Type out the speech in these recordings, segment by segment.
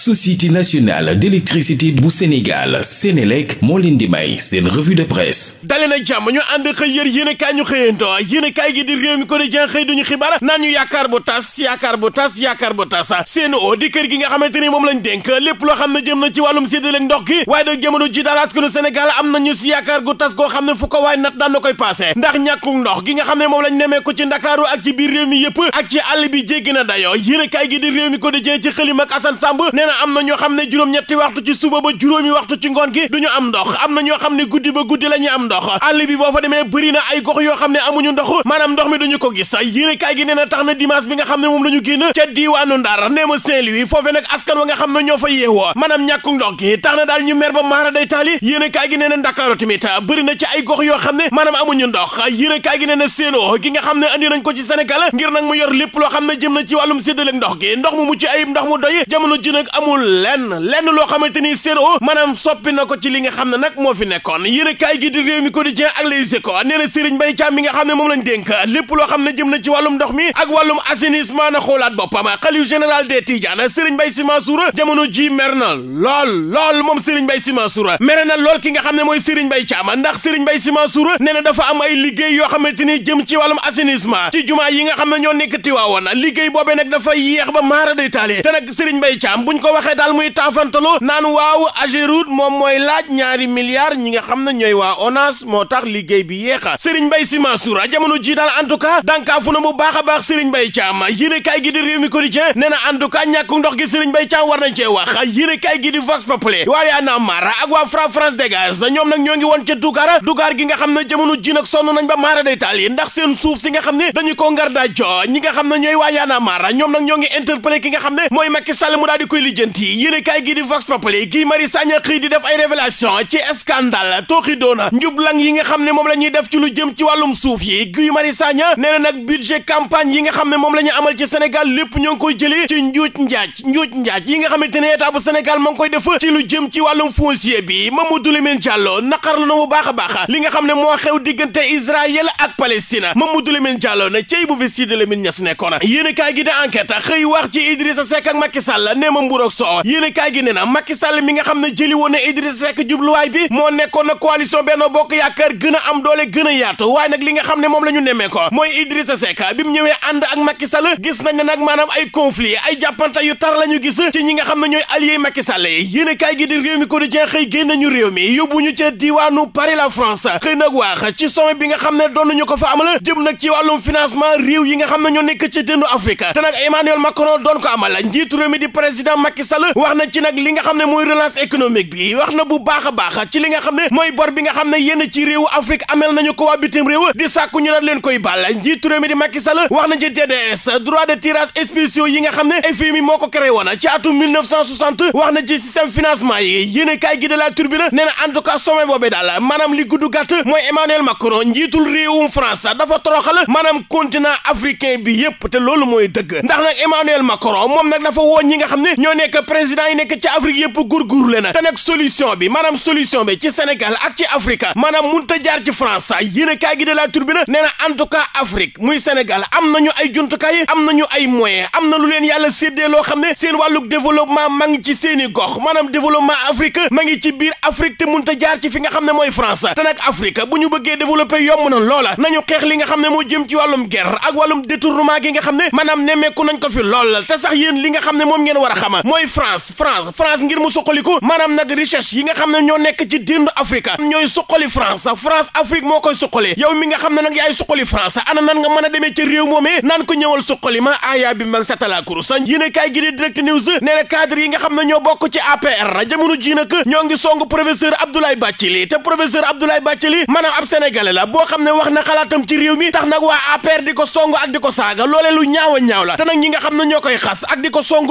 société nationale d'électricité bu Sénégal Sénélec moo leen di may seen revue de presse dale na jàmm ñu ànd xëy yër yéen ñu xëyanto yéen gi di réew mi ko di jen xëy o di gi nga xamante ni moom lañ dénk lépp loo xam ne jëm na ci wàllum séddale ndox gi waaye da jamono ji daal askanu Sénégal am nañu si yaakaar gu tas koo xam ne fu ko waay nat daan na koy passé ndax ñàkkuk ndox gi nga xam ne moom lañ nemee ko ci Ndakaaru ak ci biir réew mi yëpp ak ci àll bi jéggi na dayoo yéen gi di réew mi ko di ci xëlim ak Assane Samb na am na ñoo xam ne juróom-ñetti waxtu ci suba ba juróomi waxtu ci ngoon ñoo xam ne guddi ba guddi la am ndox bi boo fa demee bëri na ay gox yoo xam ne amuñu ndox maanaam ndox mi duñu ko gis yéene kaay nee tax na dimanche bi xam ne moom la ñu génn ca diiwaanu Ndar ma Saint-Louis foofee nag askan wa nga xam ne ñoo fa yeewoo maanaam ñàkku ndox gi tax na daal ñu mer ba maara day taali yéene kaay gi nee na Ndakaaru tamit bëri na ci ay gox yoo xam ne maanaam amuñu ndox yéene kaay gi nee na séenoo gi nga xam ne andi nañ ko ci Sénégal ngir nag mu yor lépp loo xam ne jëm na ci wàllum séddale ndox gi ndox mu mucc ayib ndox mu doy jamono ji amul lenn lenn loo xamante ni CRO maanaam soppi na ko ci li nga xam ne nag moo fi nekkoon yéen a kaay gi di réew mi quotidien ak Les Échos nee na Serigne Mbaye Thiam mi nga xam ne moom la dénk lépp loo xam ne jëm na ci wàllum ndox mi ak wàllum assainissement na xoolaat boppam xalifa général des Tidianes Serigne Mbaye Sy Mansour jamono ji mer na lool lool moom Serigne Mbaye Sy Mansour mer na lool ki nga xam ne mooy Serigne i Thiam ndax Serigne Mbaye Sy Mansour nee na dafa am ay liggéey yoo xamante ni jëm ci wàllum assainissement ci jumaa yi nga xam ne ñoo nekk Tiwaawoon liggéey boobee nag dafa yéex ba maara day taale te nag Serigne Mbaye Thiam buñ ko ko waxee daal muy taafantalu naan waaw Ageroute moom mooy ñaari milliards ñi nga xam na ñooy waa ONAS moo tax liggéey bi yéexa Serigne Mbaye Sy Mansour jamono jii daal en tout cas dànkaafu na bu baax a baax Serigne Mbaye Thiam yéene kaay gi di mi quotidien nee na en tout cas gi Serigne Mbaye Thiam war nañ cee wax yéene kaay gi di Vox waa Y'en a marre ak waa Fra France ñoom nag ñoo ngi woon ca Dugar Dugar gi nga xam ne jamono jii nag sonn nañ ba maara a marre lijjanti yéenekaay gi di Vox Populi Guy Marius Sagna xëy la ñuy ci lu jëm ci wàllum suuf yi Guy Marius na nag budget yi nga xam ne moom la ñu amal ci Sénégal lépp ñoo ngi koy jëlee ci njuuj njaaj njuuj njaaj yi nga xamante ne état bu Sénégal moo ngi koy def ci lu jëm ci wàllum foncier bi Mamadou Lamine Diallo naqarlu na bu baax a baax li nga xam ne moo xew diggante Israël ak Palestine Mamadou Lamine Diallo na cey bu fi Sidy Lamine Niass nekkoon yéenekaay gi di enquête xëy wax ci Idrissa Seck ak Macky Sall ma mburo Vox yéene kaay gi nee na Macky Sall mi nga xam ne jëli woon na Idrissa Seck jubluwaay bi moo nekkoon na coalition Benno Bokk Yaakaar gën a am doole gën a yaatu waaye nag li nga xam ne moom la ñu nemmee mooy Idrissa Seck bi mu ñëwee ànd ak Macky gis nañ ne nag maanaam ay conflit ay jàppante yu tar la ñu gis ci ñi nga xam ne ñooy allié Macky Sall yi yéene kaay gi di réew mi quotidien xëy génn ñu réew mi yóbbu ñu ca diwaanu Paris la France xëy nag waax ci sommet bi nga xam ne doon nañu ko fa amal jëm nag ci wàllum financement réew yi nga xam ne ñoo nekk ci dëndu Afrique te nag Emmanuel Macron doon ko njiitu réew mi di Macky wax na ci nag li nga xam ne mooy relance économique bi wax na bu baax baax ci li nga xam ne mooy bor bi nga xam ne yenn ci réewu Afrique amel nañu ko waa bitim réew di sàkku ñu daal leen koy bàll njiitu réew mi di Macky Sall wax na ci TDS droit de tirage spéciaux yi nga xam ne FMI moo ko créé woon ci atum wax na ci système financement yi yéen kaay gi de la Tribune nee na en tout cas sommet li gudd gàtt mooy Emmanuel Macron njiitul réewum que président yi nekk ci Afrique yëpp gurgurle na te nag solution bi maanaam solution bi ci Sénégal ak ci Afrique maanaam mënut a jaar ci France yéen a kaay gi de la Tribune nee na en tout cas Afrique muy Sénégal am nañu ay jumtukaay am nañu ay moyens am na lu leen yàlla séddee loo xam ne seen wàllug développement ma ngi ci seen i gox maanaam développement Afrique ma ngi ci biir Afrique te mënut a jaar ci fi nga xam ne mooy France te nag Afrique bu ñu bëggee développé yomb na loola li nga xam ne moo jëm ci wàllum guerre ak wàllum détournement gi nga xam ne maanaam nemmeeku ko fi lool sax yéen li nga xam ne moom ngeen war a xama mooy France France France ngir mu suqaliku maanaam nag recherche yi nga xam ne ñoo nekk ci dindu Afrique ñooy suqali France France Afrique moo koy suqali yow mi nga xam ne nag yaay suqali France ana nan nga mën a demee ci réew moomee naan ko ñëwal suqali ma ayaa bi mbang satala kuru sañ yéen a kaay gi di direct news na cadre yi nga xam ne ñoo bokk ci APR jamono ji nag ñoo ngi song professeur Abdoulaye Bathily te boo xam ne wax na xalaatam réew mi tax nag ko song ak di ko saaga a ñaaw te nag ñi nga xam ne ñoo koy xas ko song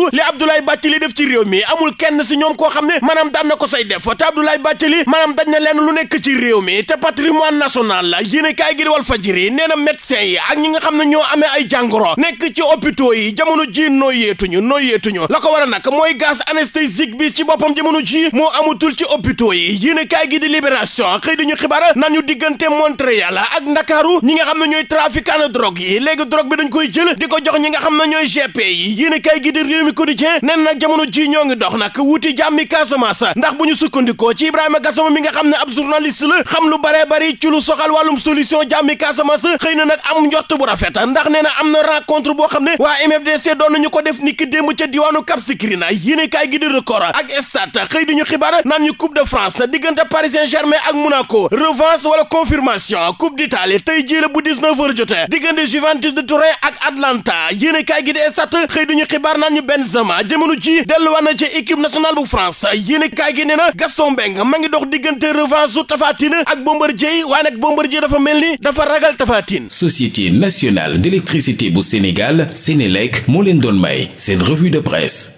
li li def ci réew mi amul kenn si ñoom koo xam ne maanaam daan na ko say def te Abdoulaye Bathily maanaam dañ na leen lu nekk ci réew mi te patrimoine national la yéene kaay gi di Walf Fadjri nee na médecin yi ak ñi nga xam na ñoo ame ay jàngoro nekk ci hôpitaux yi jamono ji nooyeetuñu nooyeetuñu la ko war a nag mooy gaz anesthésique bi ci boppam jamono ji moo amutul ci hôpitaux yi yéene kaay gi di Libération xëy dañu xibaar naan ñu diggante Montréal ak Ndakaaru ñi nga xam ne ñooy trafiquant drogue yi léegi drogue bi dañ koy jël di ko jox ñi nga xam ne ñooy GP yi yéene kaay gi di Rewmi Quotidien nee jamono ji ñoo ngi dox nag wuti jàmmi Casamance ndax bu ñu sukkandikoo ci Ibrahima Gassama mi nga xam ne ab journaliste la xam lu bare bari ci lu soxal wàllum solution jàmmi Casamance xëy na nag am njort bu rafet ndax nee na am na rencontre boo xam ne waa MFDC doon nañu ko def ni ki démb ca diwaanu Cap Skirring yéene kaay gi di record ak stade xëy diñu xibaar naan ñu Coupe de France diggante Paris Saint-Germain ak Monaco revanche wala confirmation Coupe d'Italie tey jii la bu 19h jotee diggante de Turin ak Atlanta yéene kaay gi di stade xëy diñu xibaar naan ñu Benzema ji delluwaat na ci équipe nationale bu France yéen a kaay na Gaston Mbengue ma ngi dox diggante revanche su Tapha Tine ak Bombardier waaye nag Bombardier dafa mel ni dafa ragal Tapha Tine. Société nationale d'électricité bu Sénégal Sénélec moo leen doon may seen revue de presse.